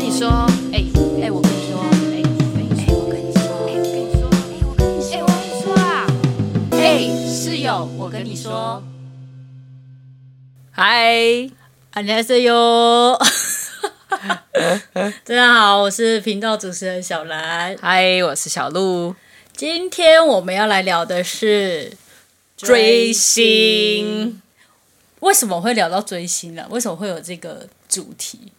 跟你說，哎、欸、哎、欸，我跟你說，哎、欸、哎，我跟你說，哎、欸我,欸我,欸我,欸、我跟你說啊，哎、欸、室友，我跟你說，嗨，啊，你好室友，Hi, uh, uh. 大家好，我是頻道主持人小嵐，嗨，我是小路，今天我們要來聊的是追星，追星為什麼會聊到追星呢、啊？為什麼會有這個主題？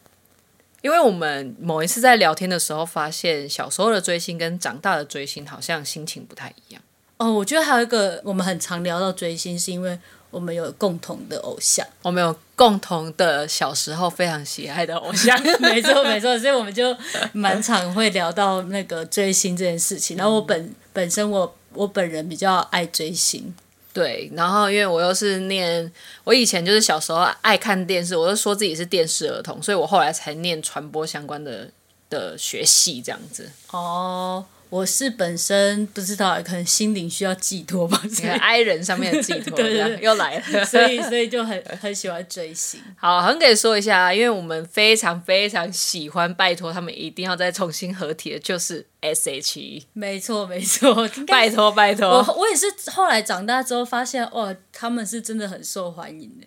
因為我們某一次在聊天的時候，發現小時候的追星跟長大的追星好像心情不太一樣哦。我覺得還有一個我們很常聊到追星，是因為我們有共同的偶像，我們有共同的小時候非常喜愛的偶像。 沒錯，沒錯，所以我們就蠻常會聊到那個追星這件事情。然後我本本身我我本人比較愛追星。對，然後因為我又是念，我以前就是小時候愛看電視，我就說自己是電視兒童，所以我後來才念傳播相關的的學系這樣子。哦。我是本身不知道，可能心靈需要寄託吧，這個 I 人上面的寄託， 對對，又來了，所以所以就很很喜歡追星。好，很可，可以說一下啊，因為我們非常非常喜歡，拜託他們一定要再重新合體的，就是 S.H.E。沒錯，沒錯，拜託，拜託。我我也是後來長大之後發現，哇，他們是真的很受歡迎的。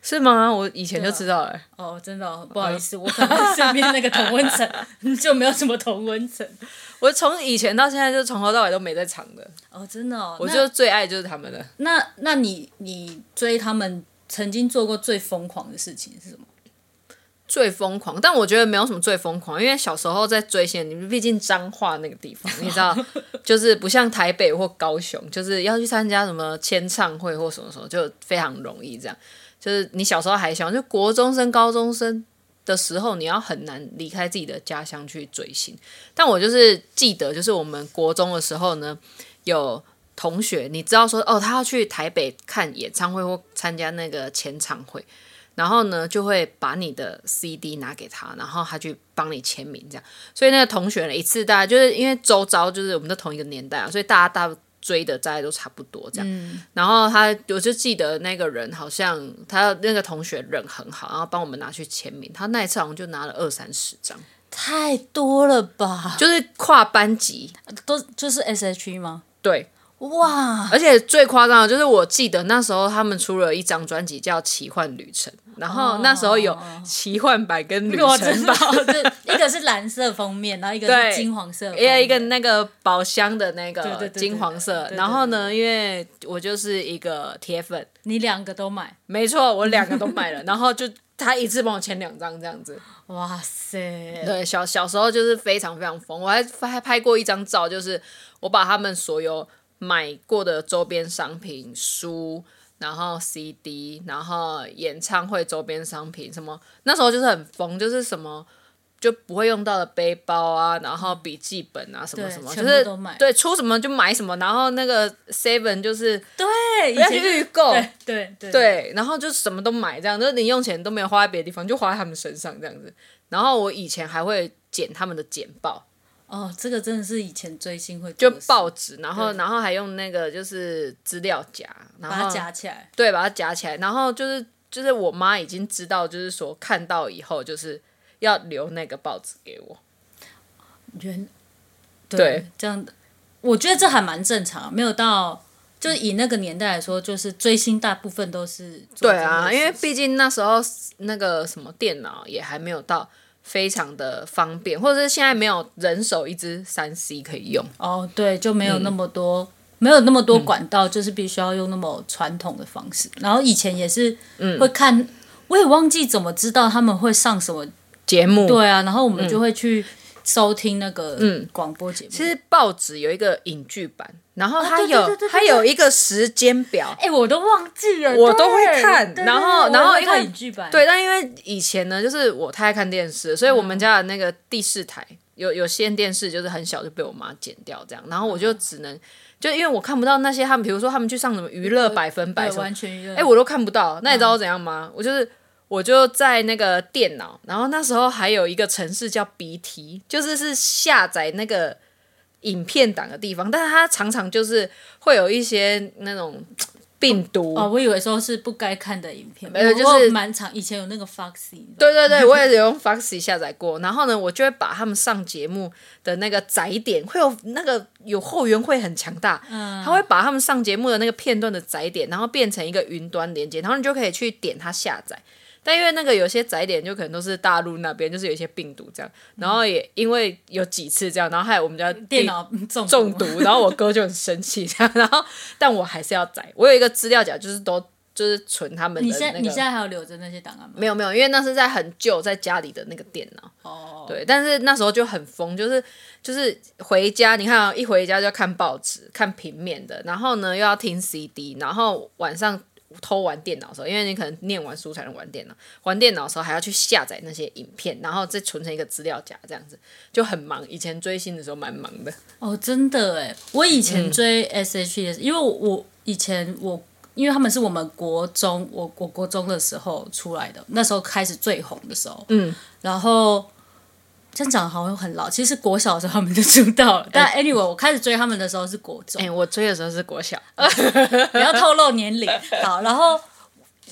是嗎？我以前就知道了。啊、哦，真的、哦，不好意思，哦、我身邊那個同溫層 就沒有什麼同溫層。我從以前到現在，就從頭到尾都沒在場的。哦、oh，真的哦，我就最愛就是他們了。那，那你，你追他們曾經做過最瘋狂的事情是什麼？最瘋狂，但我覺得沒有什麼最瘋狂，因為小時候在追星，你們畢竟彰化那個地方，你知道， 就是不像台北或高雄，就是要去參加什麼簽唱會或什麼什麼，就非常容易這樣。就是你小時候還小，就國中生、高中生。的時候，你要很難離開自己的家鄉去追星。但我就是記得，就是我們國中的時候呢，有同學你知道說哦，他要去台北看演唱會或參加那個簽唱會，然後呢就會把你的 CD 拿給他，然後他去幫你簽名這樣。所以那個同學呢，一次大家就是因為周遭就是我們在同一個年代啊，所以大家大。追的大概都差不多這樣，嗯，然後他我就記得那個人好像，他那個同學人很好，然後幫我們拿去簽名。他那一次好像就拿了二三十張，太多了吧？就是跨班級，都就是 S.H.E 嗎？對。哇！而且最誇張的就是，我記得那時候他們出了一張專輯叫《奇幻旅程》，然後那時候有奇幻版跟旅程版，哦哦、 一個是藍色封面，然後一個是金黃色，一個一個那個寶箱的那個金黃色，對對對對對。然後呢，因為我就是一個鐵粉，你兩個都買？沒錯，我兩個都買了。 然後就他一次幫我簽兩張這樣子。哇塞！對，小小時候就是非常非常瘋，我還還拍過一張照，就是我把他們所有，買過的週邊商品、書，然後 CD，然後演唱會週邊商品，什麼那時候就是很瘋，就是什麼就不會用到的背包啊，然後筆記本啊，什麼什麼，就是對出什麼就買什麼，然後那個 Seven 就是對要預購，對對對、對、對，然後就什麼都買這樣，就是零用錢都沒有花在別的地方，就花在他們身上這樣子。然後我以前還會剪他們的剪報。哦，這個真的是以前追星會就報紙，然後然後還用那個就是資料夾，把它夾起來，對，把它夾起來，然後就是就是我媽已經知道，就是說看到以後就是要留那個報紙給我。你覺得對，對，這樣的，我覺得這還蠻正常，沒有到，就是以那個年代來說，嗯，就是追星大部分都是對啊，因為畢竟那時候那個什麼電腦也還沒有到。非常的方便，或者是現在沒有人手一支三 C 可以用哦，對，就沒有那麼多，嗯、沒有那麼多管道，嗯、就是必須要用那麼傳統的方式。然後以前也是會看、嗯，我也忘記怎麼知道他們會上什麼節目，對啊，然後我們就會去。嗯收聽那個嗯廣播節目，其實報紙有一個影劇版，然後它有、啊、對對對對對，它有一個時間表，哎、欸，我都忘記了，我都會看，對對對，然後對對對，然後因為影劇版，對，但因為以前呢，就是我太愛看電視，所以我們家的那個第四台有有線電視，就是很小就被我媽剪掉這樣，然後我就只能、嗯、就因為我看不到那些他們，比如說他們去上什麼娛樂百分百、呃，完全娛樂，哎、欸，我都看不到。那你知道怎樣嗎？嗯、我就是。我就在那個電腦，然後那時候還有一個程式叫 BT，就是是下載那個影片檔的地方，但是它常常就是會有一些那種病毒、哦哦、我以為說是不該看的影片，沒、嗯、有、嗯，就是蠻長。以前有那個 Foxy 對對對，我也用 Foxy 下載過。然後呢，我就會把他們上節目的那個載點會有那個有後援會很強大、嗯，他會把他們上節目的那個片段的載點，然後變成一個雲端連結，然後你就可以去點它下載。但因為那個有些窄點，就可能都是大陸那邊，就是有一些病毒這樣、嗯。然後也因為有幾次這樣，然後害我們家電腦中毒，中毒，然後我哥就很生氣。這樣。 然後，但我還是要窄。我有一個資料夾，就是都就是存他們的、那個，你現在還有留着那些檔案嗎？沒有沒有，因為那是在很舊，在家裡的那個電腦。哦。對，但是那時候就很瘋，就是就是回家，你看、哦、一回家就看報紙，看平面的，然後呢又要聽 CD，然後晚上。偷玩電腦的時候，因為你可能念完書才能玩電腦。玩電腦的時候還要去下載那些影片，然後再存成一個資料夾，這樣子就很忙。以前追星的時候蠻忙的。哦，真的哎，我以前追 S.H.E，嗯，因為我以前我，因為他們是我們國中，我我國國中的時候出來的，那時候開始最紅的時候。嗯。然後。真長得好像很老，其實國小的時候他們就出道了。但 anyway，我開始追他們的時候是國中，哎、欸，我追的時候是國小，不 要透露年齡。好，然後，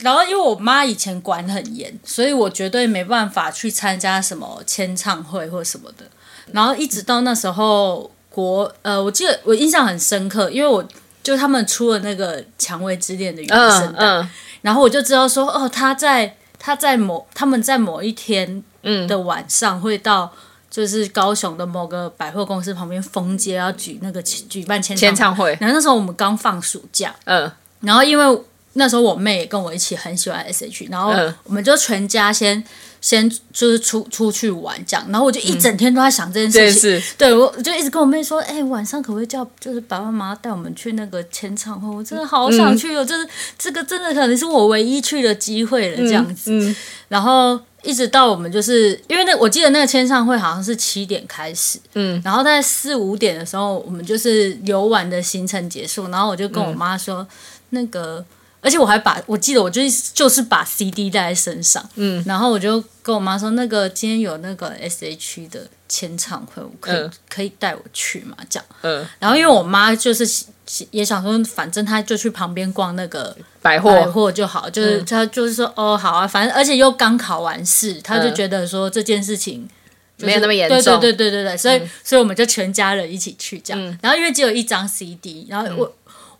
然後因為我媽以前管很嚴，所以我絕對沒辦法去參加什麼簽唱會或什麼的。然後一直到那時候國，呃，我記得我印象很深刻，因為我就他們出了那個《薔薇之戀》的原聲帶、嗯嗯，然後我就知道說，哦，他在，他在某，他們在某一天。嗯、的晚上會到，就是高雄的某個百貨公司旁邊封街，要舉那個舉舉辦簽唱，唱會。然後那時候我們剛放暑假，嗯、呃，然後因為那時候我妹也跟我一起很喜歡 S H，然後我們就全家先先就是出出去玩這樣，然後我就一整天都在想這件事情。嗯、對，對我就一直跟我妹說，哎、欸，晚上可不可以叫就是爸爸媽媽帶我們去那個簽唱會？我真的好想去哦、嗯，就是這個真的可能是我唯一去的機會了這樣子。嗯，嗯然後。一直到我們就是因為那，我記得那個簽唱會好像是七點開始，嗯，然後在四五點的時候，我們就是遊玩的行程結束，然後我就跟我媽說，嗯，那個。而且我還把我記得，我就是、就是把 CD 帶在身上，嗯，然後我就跟我媽說，那個今天有那個 SH 的簽唱會，可以、呃、可以帶我去嘛？這樣，嗯、呃，然後因為我媽就是也想說，反正她就去旁邊逛那個百貨百貨就好，就是、嗯、她就是說，哦，好啊，反正而且又剛考完試，她就覺得說這件事情、就是呃、沒有那麼嚴重，對，對對對對對對，所以、嗯、所以我們就全家人一起去這樣，嗯、然後因為只有一張 CD，然後我。嗯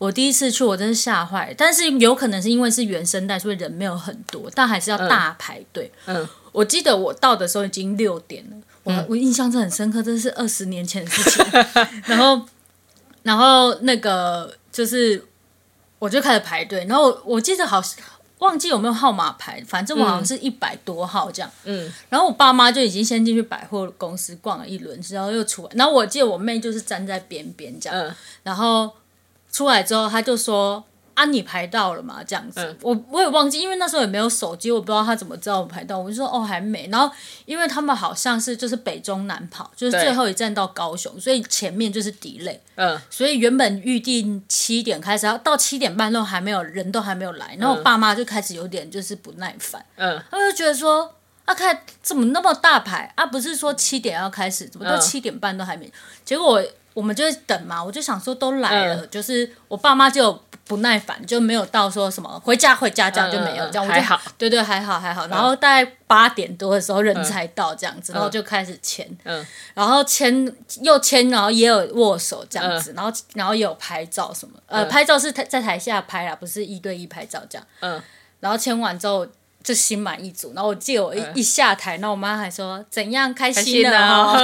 我第一次去，我真是嚇壞了。但是有可能是因為是原聲帶，所以人沒有很多，但還是要大排隊、嗯。嗯，我記得我到的時候已經六點了。我、嗯、我印象是很深刻，這是二十年前的事情。 然後，然後那個就是，我就開始排隊。然後我,我記得好像忘記有沒有號碼牌，反正我好像是一百多號這樣。嗯，然後我爸媽就已經先進去百貨公司逛了一輪，然後又出來。然後我記得我妹就是站在邊邊這樣、嗯。然後。出來之後，他就說：“啊，你排到了嗎？”這樣子，嗯、我我也忘記，因為那時候也沒有手機，我不知道他怎麼知道我排到。我就說：“哦，還沒。”然後因為他們好像是就是北中南跑，就是最後一站到高雄，所以前面就是 delay、嗯。所以原本預定七點開始，到七點半都還沒有，人都還沒有來，然後我爸媽就開始有點就是不耐煩。嗯。他就覺得說：“啊，看怎麼那麼大牌啊，不是說七點要開始，怎麼到七點半都還沒？”結果我。我們就等嘛，我就想說都來了，嗯、就是我爸媽就不耐煩，就沒有到說什麼回家回家、嗯、這樣就沒有、嗯、這樣我就，就好，對對，對還好還好、嗯。然後大概八點多的時候人才到這樣子，嗯、然後就開始簽、嗯，然後簽又簽，然後也有握手這樣子，嗯、然後然後也有拍照什麼、嗯，呃，拍照是在台下拍啦，不是一對一拍照這樣，嗯，然後簽完之後。就心滿意足，然後我記得我一一下台，那、嗯、我媽還說怎樣開心呢？心的哦、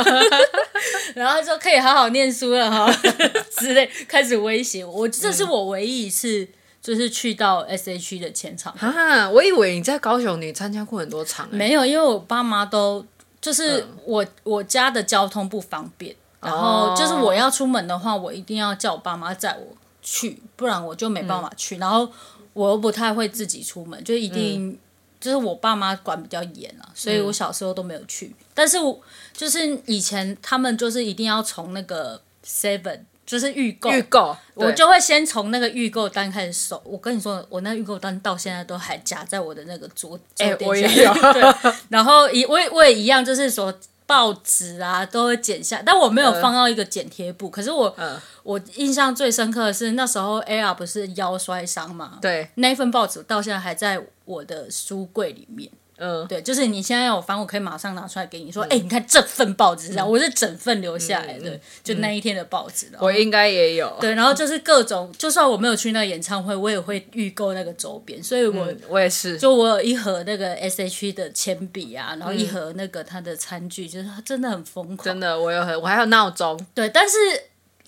然後她說可以好好念書了哈、哦、 之類，開始威脅我、嗯。這是我唯一一次就是去到 S.H.E 的前場哈、啊，我以為你在高雄，你參加過很多場、欸。沒有，因為我爸媽都就是我、嗯、我家的交通不方便，然後就是我要出門的話，我一定要叫我爸媽載我去，不然我就沒辦法去、嗯。然後我又不太會自己出門，就一定。嗯就是我爸媽管比較嚴啊，所以我小時候都沒有去。嗯、但是我就是以前他們就是一定要從那個 Seven，就是預購，預購，我就會先從那個預購單開始收。我跟你說，我那個預購單到現在都還夾在我的那個桌，哎、欸，我也有。 對，然後一，我也我也一樣，就是說報紙啊都會剪下，但我沒有放到一個剪貼簿、呃。可是我、呃，我印象最深刻的是那時候 Ella 不是腰摔傷嘛，對，那份報紙到現在還在。我的書櫃裡面，嗯、呃，對，就是你現在要我翻，我可以馬上拿出來給你說，哎、嗯欸，你看這份報紙啊，我是整份留下來的、嗯，就那一天的報紙、嗯。我應該也有。對，然後就是各種，就算我沒有去那個演唱會，我也會預購那個周邊，所以我，我、嗯、我也是，就我有一盒那個 S H 的鉛筆啊，然後一盒那個他的餐具，就是他真的很瘋狂。真的，我有很我還有鬧鐘。對，但是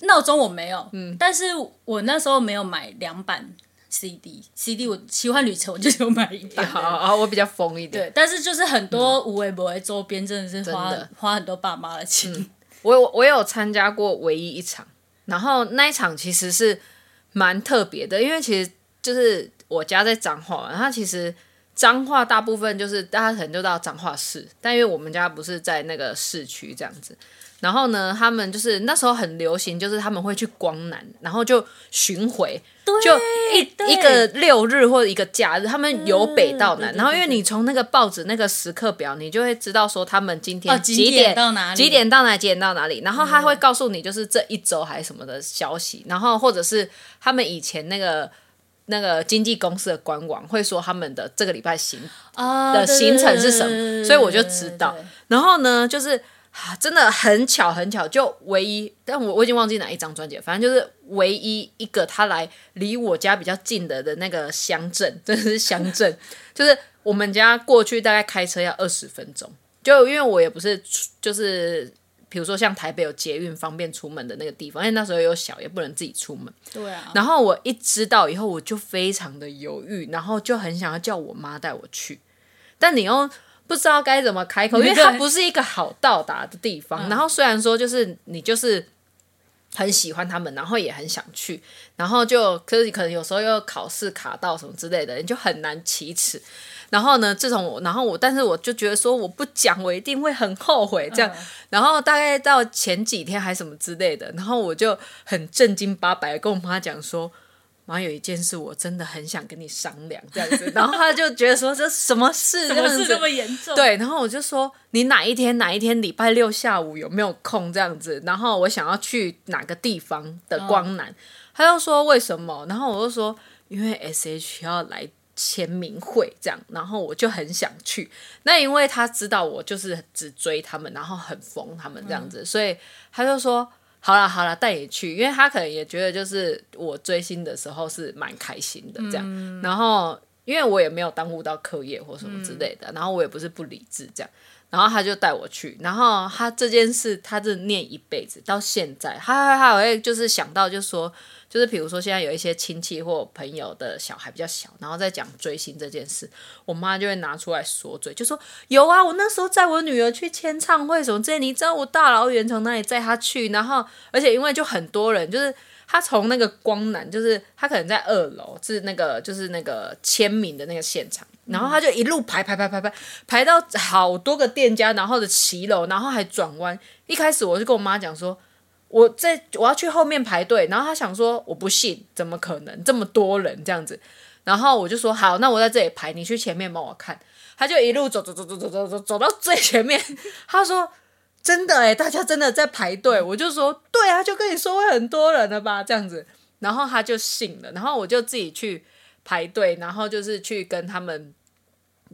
鬧鐘我沒有、嗯，但是我那時候沒有買兩版。C D C D，我奇幻旅程我就買一點。好，好，好我比較瘋一點。對，但是就是很多無為博愛周邊真的是花真的花很多爸媽的錢、嗯。我我有參加過唯一一場，然後那一場其實是蠻特別的，因為其實就是我家在彰化，然後它其實彰化大部分就是大家可能就到彰化市，但因為我們家不是在那個市區這樣子。然後呢，他們就是那時候很流行，就是他們會去光南，然後就巡迴，就一一個六日或者一個假日，他們由北到南。嗯、對對對對，然後因為你從那個報紙那個時刻表，你就會知道說他們今天幾點到哪裡，幾點到哪裡，幾點到哪裡。然後他會告訴你就是這一周還是什麼的消息、嗯。然後或者是他們以前那個那個經紀公司的官網會說他們的這個禮拜行、哦，的行程是什麼對對對對，所以我就知道。對對對，然後呢，就是。啊，真的很巧，很巧，就唯一，但我我已經忘記哪一張專輯，反正就是唯一一個他來離我家比較近的的那個鄉鎮，真的是鄉鎮， 就是我們家過去大概開車要二十分鐘，就因為我也不是，就是比如說像台北有捷運方便出門的那個地方，因為那時候又小，也不能自己出門。對啊。然後我一知道以後，我就非常的猶豫，然後就很想要叫我媽帶我去，但你要，不知道該怎麼開口，因為它不是一個好到達的地方，嗯。然後雖然說就是你就是很喜歡他們，然後也很想去，然後就可是可能有時候又考試卡到什麼之類的，你就很難啟齒。然後呢，自從我，然後我，但是我就覺得說我不講，我一定會很後悔。這樣，然後大概到前幾天還什麼之類的，然後我就很正經八百跟我媽講說。然後有一件事，我真的很想跟你商量這樣子，然後他就覺得說這什麼事， 什麼事這麼嚴重？對，然後我就說，你哪一天哪一天禮拜六下午有沒有空這樣子？然後我想要去哪個地方的光南。哦，他就說為什麼？然後我就說因為 S H 要來簽名會這樣，然後我就很想去。那因為他知道我就是只追他們，然後很瘋他們這樣子，嗯，所以他就說。好啦好啦，帶你去，因為他可能也覺得就是我追星的時候是蠻開心的這樣、嗯，然後因為我也沒有耽誤到課業或什麼之類的、嗯，然後我也不是不理智這樣。然後他就帶我去，然後他這件事，他就念一輩子，到現在，他他他會就是想到，就是說，就是比如說現在有一些親戚或朋友的小孩比較小，然後在講追星這件事，我媽就會拿出來說嘴，就說有啊，我那時候載我女兒去簽唱會什麼這，你知道我大老遠從那裡載她去，然後而且因為就很多人，就是他從那個光南，就是他可能在二樓，是那個就是那個簽名的那個現場。然後他就一路排排排排排排，排到好多個店家，然後的騎樓，然後還轉彎。一開始我就跟我媽講說，我在我要去後面排隊。然後他想說，我不信，怎麼可能這麼多人這樣子？然後我就說好，那我在這裡排，你去前面幫我看。他就一路走走走走走走走走到最前面。他說真的誒、欸，大家真的在排隊。我就說對啊，就跟你說會很多人了吧這樣子。然後他就信了。然後我就自己去排隊，然後就是去跟他們。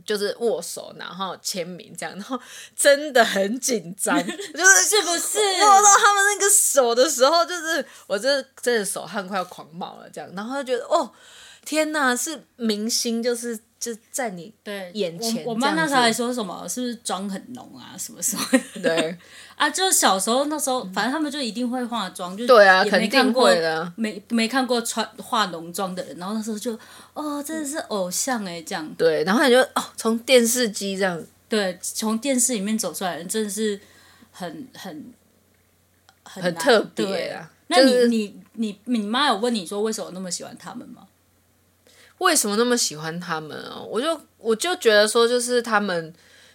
就是握手，然後簽名，這樣，然後真的很緊張， 就是是不是握到他們那個手的時候，就是我就真的手汗快要狂冒了，這樣，然後就覺得哦。天吶，是明星，就是就在你眼前對。我媽那時候還說什麼，是不是妝很濃啊，什麼什麼的？對 啊，就是小時候那時候、嗯，反正他們就一定會化妝，就對啊，肯定會的，沒沒看過穿化濃妝的人。然後那時候就哦，真的是偶像哎、欸，這樣。對，然後你就哦，從電視機這樣，對，從電視裡面走出來的人，真的是很很很，很特別啊、就是。那你你你你媽有問你說為什麼那麼喜歡他們嗎？為什麼那麼喜歡他們哦、啊？我就我就覺得說，就是他們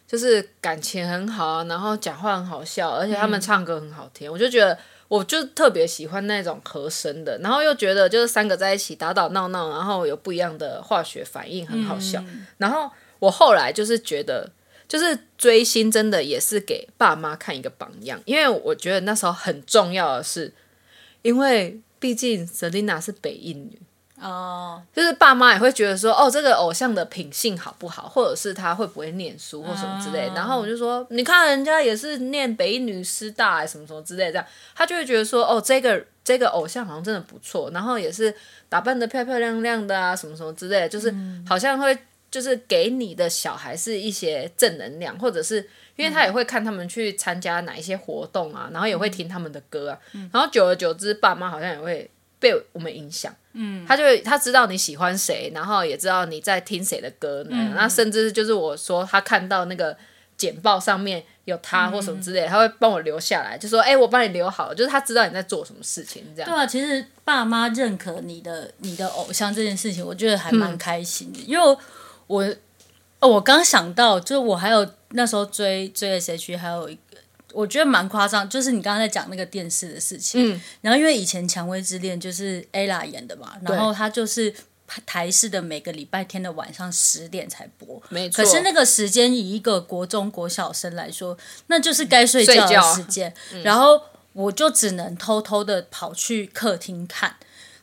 就是感情很好啊，然後講話很好笑，而且他們唱歌很好聽。嗯、我就覺得，我就特別喜歡那種和聲的，然後又覺得就是三個在一起打打鬧鬧，然後有不一樣的化學反應，很好笑，嗯。然後我後來就是覺得，就是追星真的也是給爸媽看一個榜樣，因為我覺得那時候很重要的是，因為畢竟 Selina 是北一女。哦、oh.，就是爸媽也會覺得說，哦，這個偶像的品性好不好，或者是他會不會念書或什麼之類。Oh. 然後我就說，你看人家也是念北女師大、欸、什麼什麼之類，這樣他就會覺得說，哦，這個這個偶像好像真的不錯。然後也是打扮得漂漂亮亮的啊，什麼什麼之類，就是好像會就是給你的小孩是一些正能量，或者是因為他也會看他們去參加哪一些活動啊，然後也會聽他們的歌啊。然後久而久之，爸媽好像也會。被我們影響，嗯，他就會他知道你喜歡誰，然後也知道你在聽誰的歌呢，那、嗯、甚至就是我說他看到那個簡報上面有他或什麼之類，嗯，他會幫我留下來，就說哎，欸，我幫你留好了，就是他知道你在做什麼事情這樣。對啊，其實爸媽認可你的你的偶像這件事情，我覺得還蠻開心的，嗯，因為我哦，我剛想到，就我還有那時候追追的 S.H.E，還有一個。我覺得蠻誇張，就是你剛剛在講那個電視的事情，嗯、然後因為以前《薔薇之戀》就是 Ella 演的嘛，然後他就是台視的，每個禮拜天的晚上十點才播，沒錯。可是那個時間以一個國中、國小生來說，那就是該睡覺的時間、嗯，然後我就只能偷偷的跑去客廳看，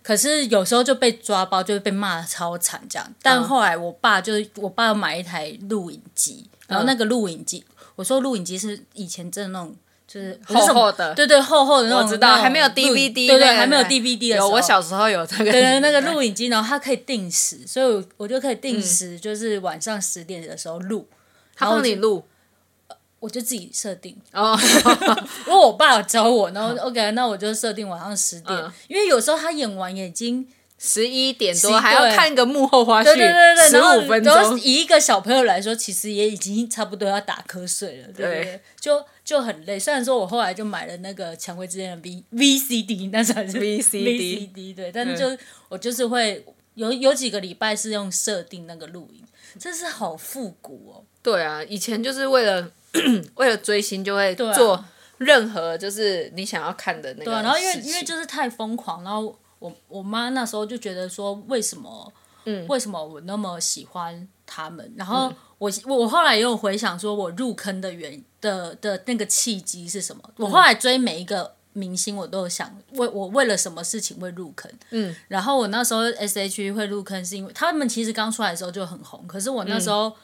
可是有時候就被抓包，就被罵的超慘這樣。但後來我爸就是、嗯，我爸要買一台錄影機，然後那個錄影機。嗯我說錄影機是以前真的那種，就是，是厚厚的，對對，對厚厚的那種，我知道還沒有 DVD，對對，對還沒有 DVD 的時候。有我小時候有這個，對，對，對那個錄影機，然後它可以定時，所以我就可以定時，嗯、就是晚上十點的時候錄。他幫你錄？我就自己設定哦，因 為 我爸有教我，然後 OK，那我就設定晚上十點、嗯，因為有時候他演完已經。十一點多還要看個幕後花絮，對對對對，十五分鐘，然後以一個小朋友來說，其實也已經差不多要打瞌睡了。對,對,對,對，就就很累。雖然說我後來就買了那個《薔薇之戀》的 V V C D，但是還是 V C V C D 對。但是就、嗯、我就是會有有幾個禮拜是用設定那個錄影，真是好復古哦。對啊，以前就是為了 為了追星，就會做任何就是你想要看的那個事。對、啊，然後因為因為就是太瘋狂，然後。我我媽那時候就覺得說，為什麼、嗯，為什麼我那麼喜歡他們？然後我、嗯、我後來又回想，說我入坑的原的的那個契機是什麼？我後來追每一個明星我、嗯，我都有想為我為了什麼事情會入坑。嗯，然後我那時候 S.H.E 會入坑，是因為他們其實剛出來的時候就很紅，可是我那時候。嗯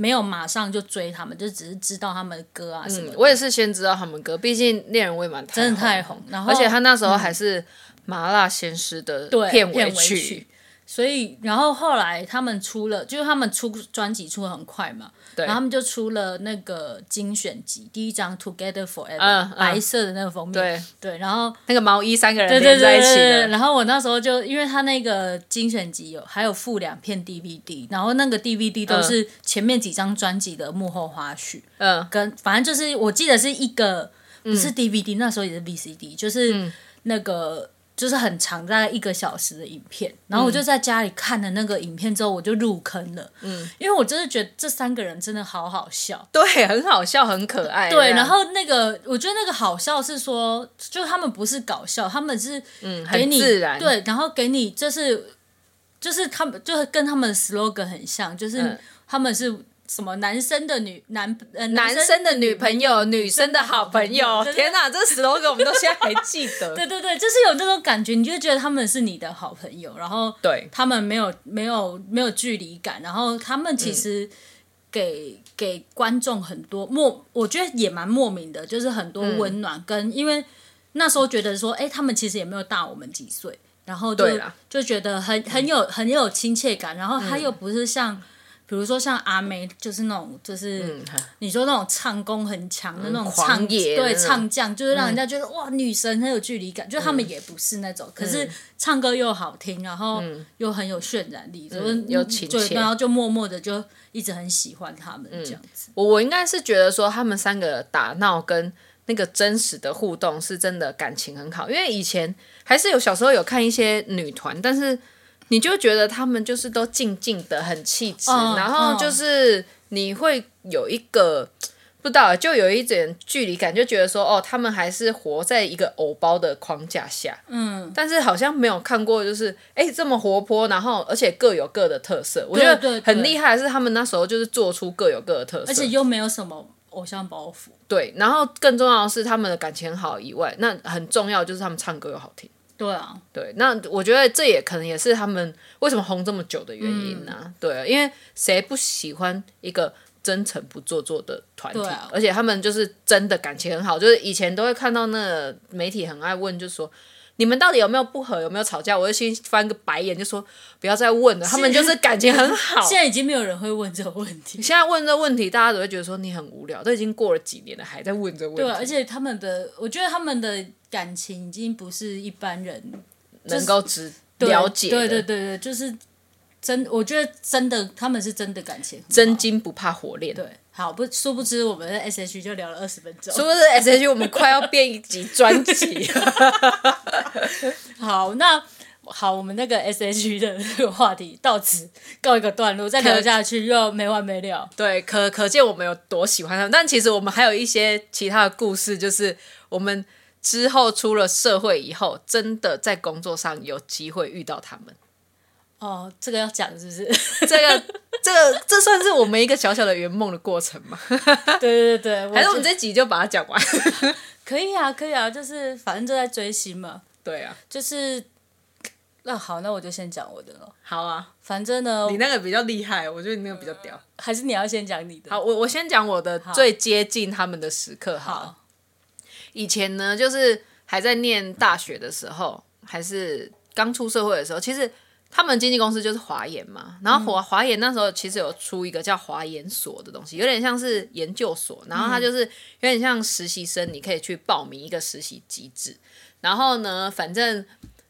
沒有馬上就追他們，就只是知道他們的歌啊什麼的。嗯，我也是先知道他們的歌，畢竟《戀人未滿》真的太紅，然後而且他那時候還是《麻辣鮮師》的片尾曲。嗯，對，片尾曲。所以，然後後來他們出了，就是他們出專輯出的很快嘛，對，然後他們就出了那個精選集，第一張《Together Forever》，白色的那個封面，對，對，然後那個毛衣三個人疊在一起的，對對對，對，對，對，然後我那時候就，因為他那個精選集有，還有附兩片 DVD，然後那個 DVD 都是前面幾張專輯的幕後花絮，嗯、uh,，跟反正就是我記得是一個、嗯、不是 DVD，那時候也是 VCD，就是那個。嗯就是很長，大概一個小時的影片，然後我就在家裡看了那個影片之後，嗯、我就入坑了。嗯，因為我真的覺得這三個人真的好好笑，對，很好笑，很可愛。對，然後那個我覺得那個好笑是說，就他們不是搞笑，他們是給你，嗯，很自然。對，然後給你就是就是他們就是跟他們的 slogan 很像，就是他們是。嗯什麼男生的女男，呃，男生的女朋友、呃、男生的女朋友，女生的好朋友，嗯、天哪，對對對，這 slogan 我們都現在還記得。對對對，就是有那種感覺，你就覺得他們是你的好朋友，然後他們沒有沒有沒有距離感，然後他們其實給、嗯、給觀眾很多莫，我覺得也蠻莫名的，就是很多溫暖、嗯、跟因為那時候覺得說，哎、欸，他們其實也沒有大我們幾歲，然後就對就覺得很很有、嗯、很有親切感，然後他又不是像。嗯比如說像阿妹就是那種，就是你說那種唱功很強的、嗯、那種唱、嗯、狂野對那種唱將，就是讓人家覺得、嗯、哇，女神很有距離感、嗯。就他們也不是那種、嗯，可是唱歌又好聽，然後又很有渲染力，嗯、就是又對，然後就默默的就一直很喜歡他們這樣子。我、嗯、我應該是覺得說他們三個打鬧跟那個真實的互動是真的感情很好，因為以前還是有小時候有看一些女團，但是。你就覺得他們就是都靜靜的很氣質、哦，然後就是你會有一個、哦、不知道，就有一點距離感，就覺得說哦，他們還是活在一個偶包的框架下，嗯，但是好像沒有看過就是哎、欸、這麼活潑，然後而且各有各的特色，我覺得很厲害。是他們那時候就是做出各有各的特色，而且又沒有什麼偶像包袱。對，然後更重要的是他們的感情好以外，那很重要就是他們唱歌又好聽。對啊，對，那我覺得這也可能也是他們為什麼紅這麼久的原因呢、啊嗯。對，因為誰不喜歡一個真誠不做作的團體、啊。而且他們就是真的感情很好，就是以前都會看到那個媒體很愛問，就是說。你們到底有沒有不和，有沒有吵架？我就先翻個白眼，就說不要再問了。他們就是感情很好。 現在已經沒有人會問這個問題。現在問這個問題，大家都會覺得說你很無聊。都已經過了幾年了，還在問這個問題。對啊，而且他們的，我覺得他們的感情已經不是一般人能夠知了解的。對對對對，就是真，我覺得真的，他們是真的感情，真金不怕火煉。對。好不，殊不知我們在 S H 就聊了二十分鐘。殊不知 S H 我們快要變一集專輯 好，那好，我們那個 S H 的話題到此告一個段落，再聊下去又沒完沒了。對，可可見我們有多喜歡他們。但其實我們還有一些其他的故事，就是我們之後出了社會以後，真的在工作上有機會遇到他們。哦，這個要講是不是？ 這個，這個，這算是我們一個小小的圓夢的過程嘛？ 對對對，還是我們這一集就把它講完？ 可以啊，可以啊，就是反正就在追星嘛。對啊。就是，那好，那我就先講我的了。好啊。反正呢，你那個比較厲害，我覺得你那個比較屌。呃，還是你要先講你的。好，我我先講我的最接近他們的時刻好。好。以前呢，就是還在念大學的時候，還是剛出社會的時候，其實。他們經紀公司就是華研嘛，然後華華研那時候其實有出一個叫華研所的東西，有點像是研究所，然後他就是有點像實習生，你可以去報名一個實習機制。然後呢，反正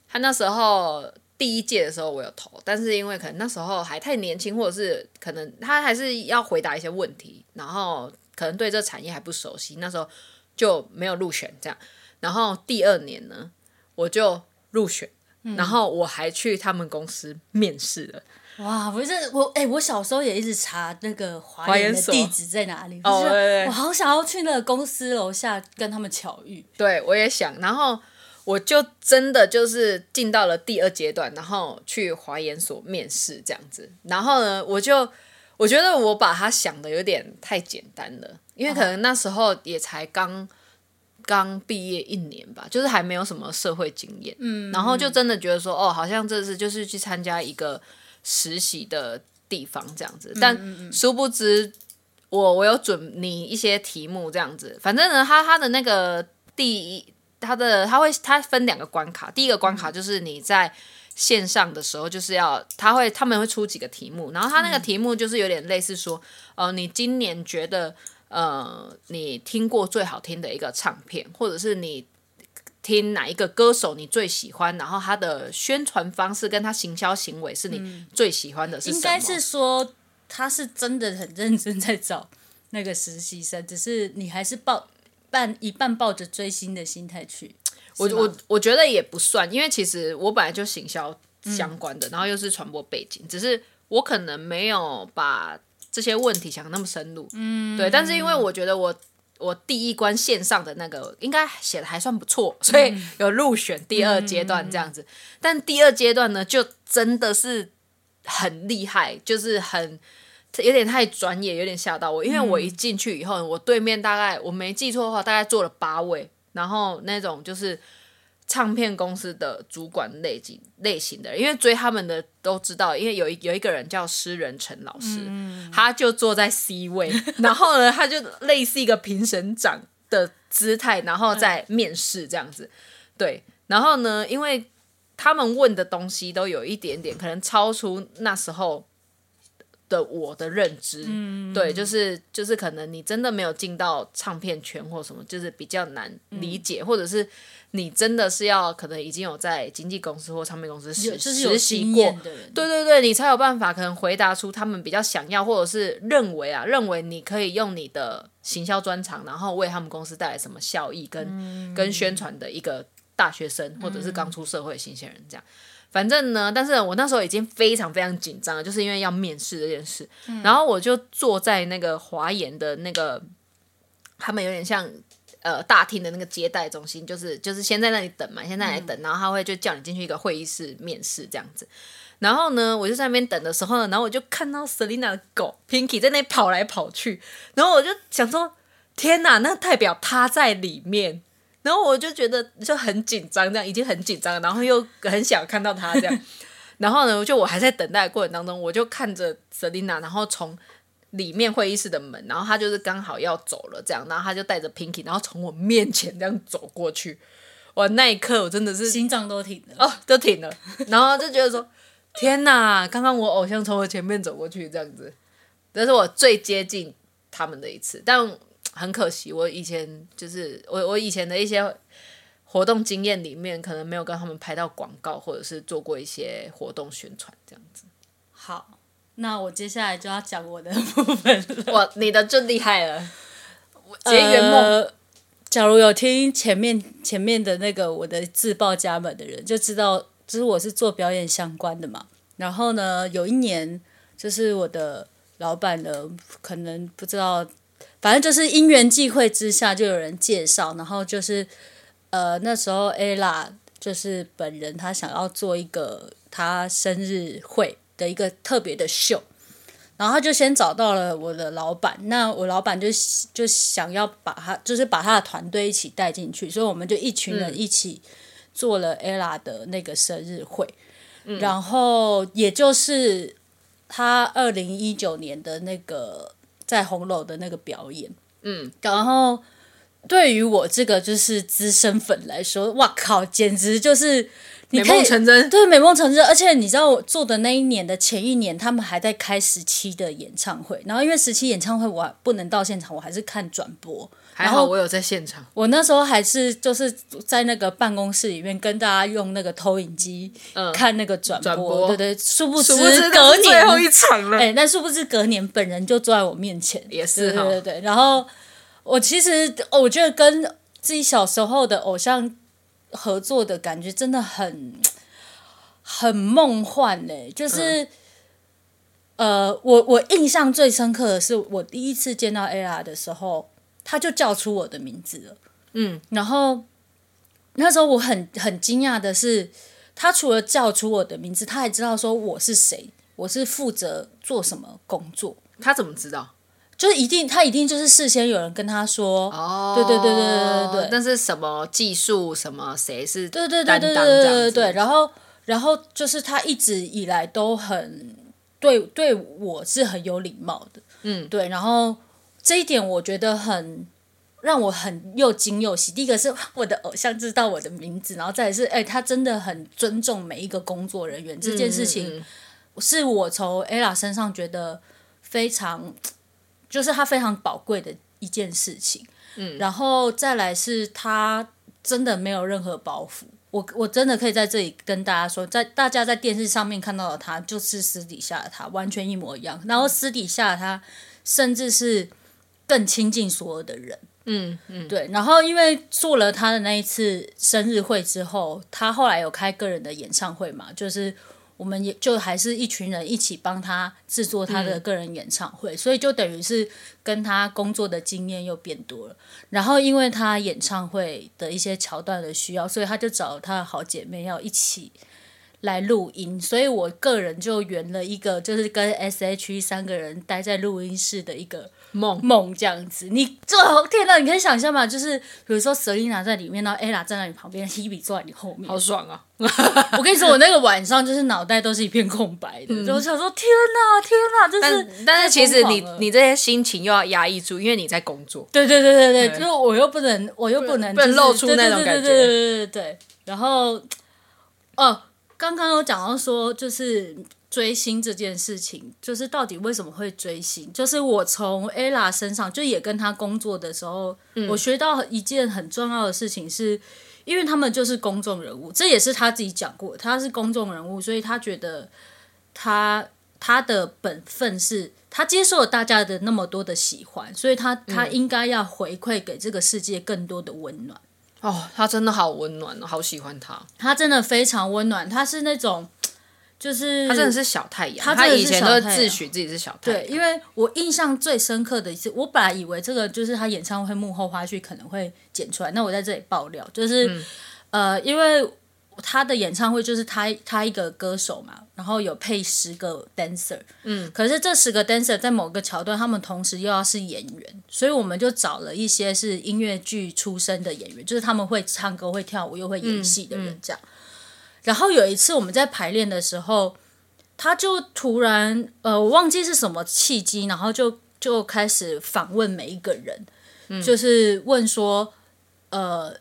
他那時候第一屆的時候我有投，但是因為可能那時候還太年輕，或者是可能他還是要回答一些問題，然後可能對這產業還不熟悉，那時候就沒有入選這樣。然後第二年呢，我就入選，然後我還去他們公司面試了。嗯、哇，不是我哎、欸，我小時候也一直查那個華研所地址在哪裡。哦、就是我好想要去那個公司樓下跟他們巧遇、哦對對對。對，我也想。然後我就真的就是進到了第二階段，然後去華研所面試這樣子。然後呢，我就我覺得我把他想的有點太簡單了，因為可能那時候也才剛。剛畢業一年吧，就是還沒有什麼社會經驗。嗯，然後就真的覺得說，哦，好像這是就是去參加一個實習的地方這樣子。但殊不知我，我我有準你一些題目這樣子。反正呢，他他的那個第一，他的他會他分兩個關卡，第一個關卡就是你在線上的時候，就是要他會他們會出幾個題目，然後他那個題目就是有點類似說，哦、呃，你今年覺得。呃，你聽過最好聽的一個唱片，或者是你聽哪一個歌手你最喜歡，然後他的宣傳方式跟他行銷行為是你最喜歡的是、嗯？應該是說他是真的很認真在找那個實習生，只是你還是抱半一半抱着追星的心態去。我我我覺得也不算，因為其實我本來就行銷相關的、嗯，然後又是傳播背景，只是我可能沒有把。這些問題想那麼深入，嗯，對。但是因為我覺得我我第一關線上的那個應該寫的還算不錯，所以有入選第二階段這樣子。嗯、但第二階段呢，就真的是很厲害，就是很有點太專業，有點嚇到我。因為我一進去以後，我對面大概我沒記錯的話，大概坐了八位，然後那種就是。唱片公司的主管類型類型的，因為追他們的都知道，因為有有一個人叫施人誠老師，他就坐在 C 位，然後呢，他就類似一個評審長的姿態，然後在面試這樣子。對，然後呢，因為他們問的東西都有一點點，可能超出那時候的我的認知。嗯、對，就是就是可能你真的沒有進到唱片圈或什麼，就是比較難理解，嗯、或者是。你真的是要可能已經有在經紀公司或唱片公司實、就是、實習過，對對對，你才有辦法可能回答出他們比較想要或者是認為啊，認為你可以用你的行銷專長，然後為他們公司帶來什麼效益跟、嗯、跟宣傳的一個大學生或者是剛出社會新鮮人這樣、嗯。反正呢，但是我那時候已經非常非常緊張，就是因為要面試這件事、嗯，然後我就坐在那個華研的那個，他們有點像。呃，大廳的那個接待中心，就是就是先在那裡等嘛，先在那等，然後他會就叫你進去一個會議室面試這樣子。然後呢，我就在那邊等的時候呢，然後我就看到 Selina 的狗 Pinky 在那跑來跑去，然後我就想說，天哪，那代表他在裡面。然後我就覺得就很緊張，這樣已經很緊張，然後又很想看到他這樣。 然後呢，就我還在等待的過程當中，我就看着 Selina，然後從。裡面會議室的門，然後他就是剛好要走了，這樣，然後他就帶着 Pinky，然後從我面前這樣走過去，哇，那一刻我真的是心臟都停了，哦，都停了， 然後就覺得說，天哪，剛剛我偶像從我前面走過去這樣子，這是我最接近他們的一次，但很可惜，我以前就是我我以前的一些活動經驗裡面，可能沒有跟他們拍到廣告，或者是做過一些活動宣傳這樣子，好。那我接下來就要講我的部分了。哇、wow，你的最厲害了！結緣夢、呃，假如有聽前面前面的那個我的自報家門的人，就知道就是我是做表演相關的嘛。然後呢，有一年就是我的老板呢，可能不知道，反正就是因緣際會之下，就有人介紹，然後就是呃那時候 Ella 就是本人他想要做一個他生日會。的一個特別的秀，然後就先找到了我的老闆，那我老闆就就想要把他，就是把他的團隊一起帶進去，所以我們就一群人一起做了 Ella 的那個生日會，嗯、然後也就是他二零一九年的那個在紅樓的那個表演，嗯，然後對於我這個就是資深粉來說，哇靠，簡直就是。你美夢成真，對，美夢成真。而且你知道我做的那一年的前一年，他們還在開十七的演唱會。然後因為十七演唱會我還不能到現場，我還是看轉播。還好然後我有在現場。我那時候還是就是在那個辦公室裡面跟大家用那個投影機，看那個轉播、嗯、播。對對，對，殊不知隔年知是最後一場了。哎、欸，但殊不知隔年本人就坐在我面前。也是、哦、對，對對對，然後我其實我覺得跟自己小時候的偶像。合作的感覺真的很很夢幻呢、欸，就是、嗯、呃，我我印象最深刻的是我第一次見到 Ella 的時候，他就叫出我的名字了，嗯，然後那時候我很很驚訝的是，他除了叫出我的名字，他還知道說我是誰，我是負責做什麼工作，他怎麼知道？就是一定，他一定就是事先有人跟他說，對、oh, 對對對對對，但是什麼技術，什麼誰是擔當？對對對對對對對，然後然後就是他一直以來都很對對我是很有禮貌的，嗯對，然後這一點我覺得很讓我很又驚又喜。第一個是我的偶像知道我的名字，然後再是哎、欸，他真的很尊重每一個工作人員，嗯、這件事情是我從 Ella 身上覺得非常。就是他非常寶貴的一件事情，嗯，然後再來是他真的沒有任何包袱，我我真的可以在這裡跟大家說，在大家在電視上面看到的他，就是私底下的他完全一模一樣，然後私底下的他甚至是更親近所有的人，嗯嗯，對，然後因為做了他的那一次生日會之後，他後來有開個人的演唱會嘛，就是。我們也就還是一群人一起幫他制作他的個人演唱會，嗯，所以就等於是跟他工作的經驗又變多了。然後因為他演唱會的一些橋段的需要，所以他就找他的好姐妹要一起。來錄音，所以我個人就圓了一個，就是跟 S H E 三個人待在錄音室的一個夢夢這樣子。你好、哦、天哪，你可以想象嗎？就是比如說，Selina 在裡面，然後 Ella 站在你旁邊，Hebe 坐在你後面，好爽啊！ 我跟你說，我那個晚上就是腦袋都是一片空白的，我、嗯、想說天哪，天哪，就是狂狂，但是其實你你這些心情又要壓抑住，因為你在工作。對對對對對，嗯、就我又不能，我又不能、就是、不能，不能露出那種感覺。對對對，對，對，對，對，對，然後，哦、呃。剛剛有講到說，就是追星這件事情，就是到底為什麼會追星？就是我從 Ella 身上，就也跟他工作的時候、嗯，我學到一件很重要的事情是，是因為他們就是公眾人物，這也是他自己講過，他是公眾人物，所以他覺得他他的本分是，他接受了大家的那麼多的喜歡，所以他他應該要回饋給這個世界更多的溫暖。哦，他真的好溫暖哦，好喜歡他。他真的非常溫暖，他是那種，就是他真的是小太陽。他以前都自詡自己是小太陽，對。因為我印象最深刻的一次，我本來以為這個就是他演唱會幕後花絮可能會剪出來，那我在這裡爆料，就是、嗯、呃，因為。他的演唱會就是他他一個歌手嘛，然後有配十個 dancer，嗯，可是這十個 dancer 在某個橋段，他們同時又要是演員，所以我們就找了一些是音樂劇出身的演員，就是他們會唱歌、會跳舞、又會演戲的人，這樣，嗯嗯。然後有一次我們在排練的時候，他就突然呃，我忘記是什麼契機，然後就就開始訪問每一個人，嗯，就是問說，呃，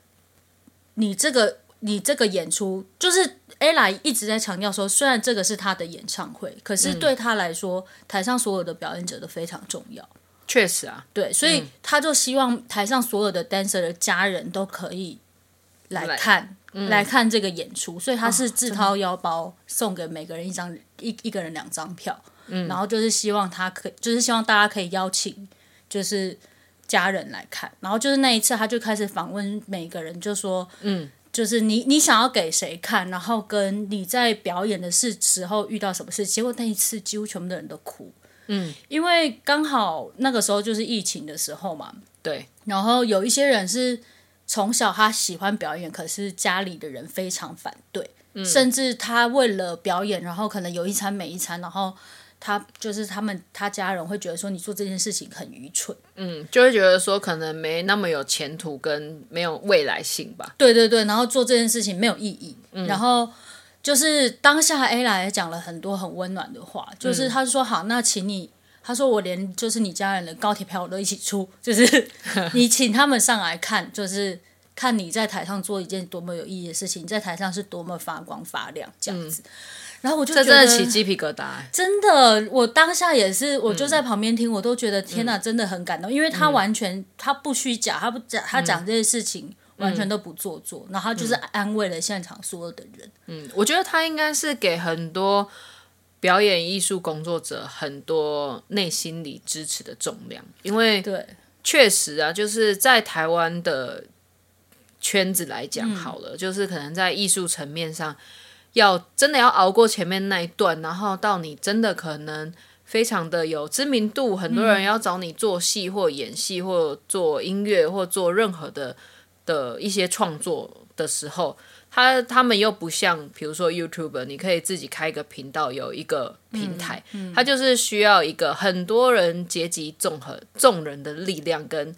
你這個。你這個演出就是 Ella 一直在強調說，雖然這個是他的演唱會，可是對他來說、嗯，台上所有的表演者都非常重要。確實啊，對，所以他就希望台上所有的 dancer 的家人都可以來看，嗯、來看這個演出。所以他是自掏腰包送給每個人一張，一、啊、一個人兩張票，然後就是希望他可以，就是希望大家可以邀請，就是家人來看。然後就是那一次，他就開始訪問每個人，就說，嗯。就是你，你想要給誰看？然後跟你在表演的是時候遇到什麼事？結果那一次幾乎全部的人都哭。嗯，因為剛好那個時候就是疫情的時候嘛。對。然後有一些人是從小他喜歡表演，可是家裡的人非常反對，嗯、甚至他為了表演，然後可能有一餐沒一餐，然後。他就是他們，他家人會覺得說你做這件事情很愚蠢，嗯，就會覺得說可能沒那麼有前途跟沒有未來性吧。對對對，然後做這件事情沒有意義。嗯，然後就是當下 Ella 講了很多很溫暖的話，就是他說：“好，那請你，他說我連就是你家人的高鐵票我都一起出，就是你請他們上來看，就是。”看你在台上做一件多麼有意義的事情，在台上是多麼發光發亮這樣子，嗯、然後我就覺得真的起雞皮疙瘩、欸。真的，我當下也是，嗯、我就在旁邊聽，我都覺得天哪、啊嗯，真的很感動。因為他完全他不虛假，他不講他講這些事情、嗯、完全都不做作，然後就是安慰了現場所有的人。嗯，我覺得他應該是給很多表演藝術工作者很多內心裡支持的重量，因為對，確實啊，就是在台灣的。圈子來講好了、嗯，就是可能在藝術層面上，要真的要熬過前面那一段，然後到你真的可能非常的有知名度，很多人要找你做戲或演戲或做音樂或做任何的的一些創作的時候，他他們又不像，比如說 YouTuber，你可以自己開一個頻道，有一個平台、嗯嗯，他就是需要一個很多人集結、綜合眾人的力量跟，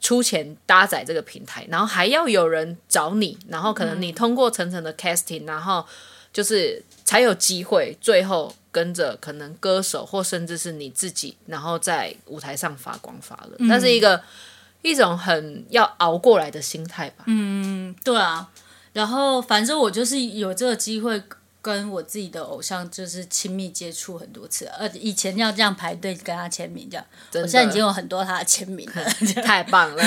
出錢搭載這個平台，然後還要有人找你，然後可能你通過層層的 casting、嗯、然後就是才有機會，最後跟着可能歌手或甚至是你自己，然後在舞台上發光發熱。那、嗯、是一個一種很要熬過來的心態吧。嗯，對啊。然後反正我就是有這個機會。跟我自己的偶像就是親密接觸很多次，而且以前要這樣排隊跟他簽名，這樣我現在已經有很多他的簽名了，太棒了，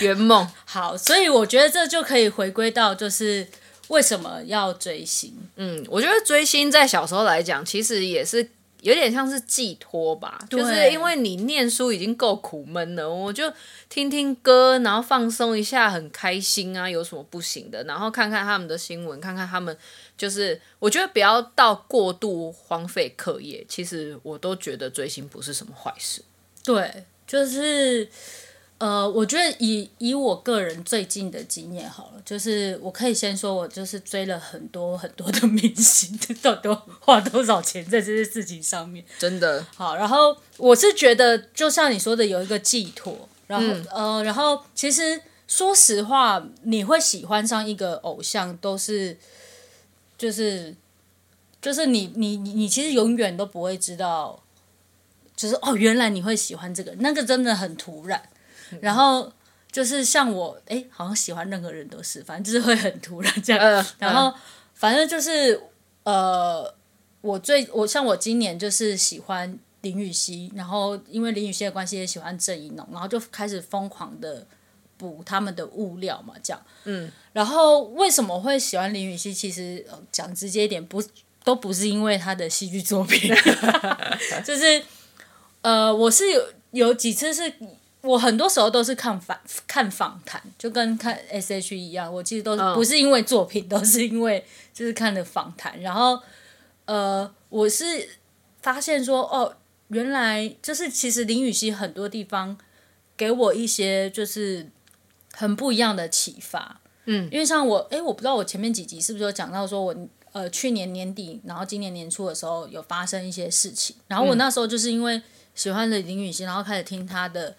圓 夢。 好，所以我覺得這就可以回歸到就是為什麼要追星。嗯，我覺得追星在小時候來講，其實也是。有點像是寄托吧，就是因為你念書已經夠苦悶了，我就聽聽歌，然後放鬆一下，很開心啊，有什麼不行的？然後看看他們的新聞，看看他們，就是我覺得不要到過度荒廢課業。其實我都覺得追星不是什麼壞事。對，就是。呃，我覺得以以我個人最近的經驗好了，就是我可以先說，我就是追了很多很多的明星，到底花多少錢在這些事情上面。真的好，然後我是覺得，就像你說的，有一個寄托，然後、嗯、呃，然後其實說實話，你會喜歡上一個偶像，都是就是就是你你你其實永遠都不會知道，就是哦，原來你會喜歡這個那個，真的很突然。然後就是像我，哎、欸，好像喜歡任何人都是，反正就是會很突然這樣。嗯、然後反正就是呃，我最我像我今年就是喜歡林予晞，然後因為林予晞的關係也喜歡鄭宜農，然後就開始瘋狂的補他們的物料嘛，這樣。嗯。然後為什麼會喜歡林予晞？其實講直接一點，不都不是因為他的戲劇作品， 就是呃，我是有有幾次是。我很多時候都是看訪看訪談，就跟看 S H 一樣。我其實都不是因為作品，oh. 都是因為就是看的訪談。然後，呃，我是發現說，哦，原來就是其實林雨熙很多地方給我一些就是很不一樣的啟發。嗯，因為像我，哎、欸，我不知道我前面幾集是不是有講到，說我呃去年年底，然後今年年初的時候有發生一些事情。然後我那時候就是因為喜歡了林雨熙，然後開始聽她的。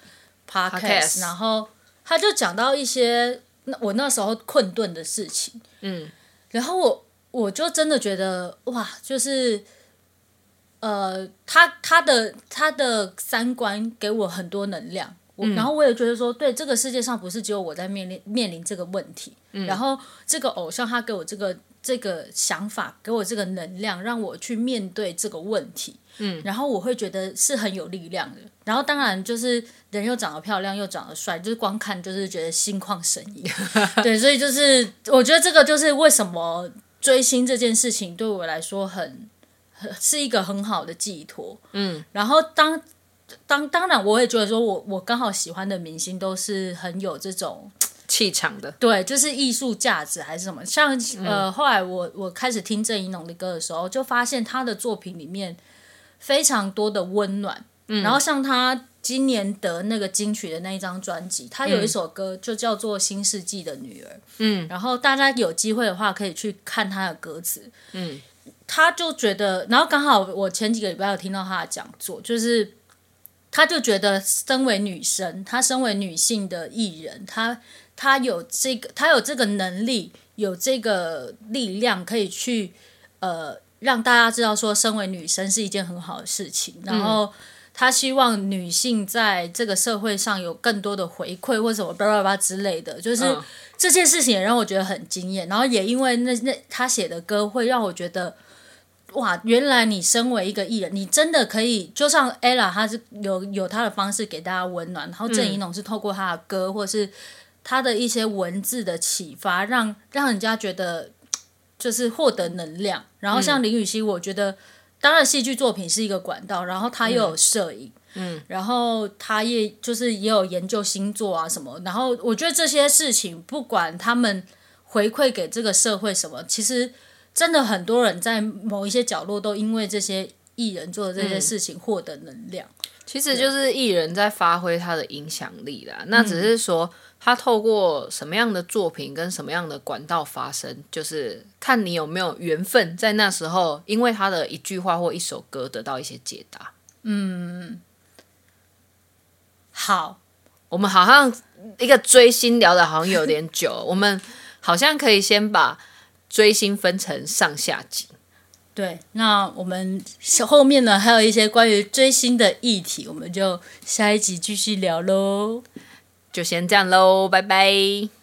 Podcast, Podcast. 然後他就講到一些那我那時候困頓的事情，嗯，然後我我就真的覺得哇，就是，呃，他他的他的三觀給我很多能量，嗯，我然後我也覺得說，對，這個世界上不是只有我在面臨面臨這個問題，嗯，然後這個偶像他給我這個。這個想法給我這個能量，讓我去面對這個問題，嗯，然後我會覺得是很有力量的。然後當然就是人又長得漂亮，又長得帥，就是光看就是覺得心曠神怡， 對，所以就是我覺得這個就是為什麼追星這件事情對我來說很很是一個很好的寄托，嗯，然後當當當然我也覺得說我我剛好喜歡的明星都是很有這種。氣場的，對，就是藝術價值還是什麼？像呃、嗯，後來我我開始聽鄭宜農的歌的時候，就發現他的作品裡面非常多的溫暖、嗯。然後像他今年得那個金曲的那一張專輯，他有一首歌就叫做《新世紀的女兒》。嗯，然後大家有機會的話可以去看他的歌詞。嗯，他就覺得，然後剛好我前幾個禮拜有聽到他的講座，就是他就覺得，身為女生，他身為女性的藝人，他。他有這個，他有這個能力，有這個力量，可以去，呃，讓大家知道說，身為女生是一件很好的事情。嗯、然後，他希望女性在這個社會上有更多的回饋或什麼巴拉巴拉之類的，就是、哦、這件事情也讓我覺得很驚艷。然後也因為那那他寫的歌，會讓我覺得，哇，原來你身為一個藝人，你真的可以，就像 Ella，他是有有他的方式給大家溫暖。然後鄭怡龍是透過他的歌，或是。他的一些文字的啟發讓，讓讓人家覺得就是獲得能量。然後像林雨曦，我覺得、嗯、當然戲劇作品是一個管道，然後他又有攝影，嗯，嗯，然後他也就是也有研究星座啊什麼。然後我覺得這些事情，不管他們回饋給這個社會什麼，其實真的很多人在某一些角落都因為這些藝人做的這些事情獲得能量、嗯。其實就是藝人在發揮他的影響力啦、嗯。那只是說。他透過什麼樣的作品跟什麼樣的管道發聲？就是看你有沒有緣分，在那時候因為他的一句話或一首歌得到一些解答。嗯，好，我們好像一個追星聊的好像有點久， 我們好像可以先把追星分成上下集。對，那我們後面呢還有一些關於追星的議題，我們就下一集繼續聊嘍。就先這樣嘍，拜拜。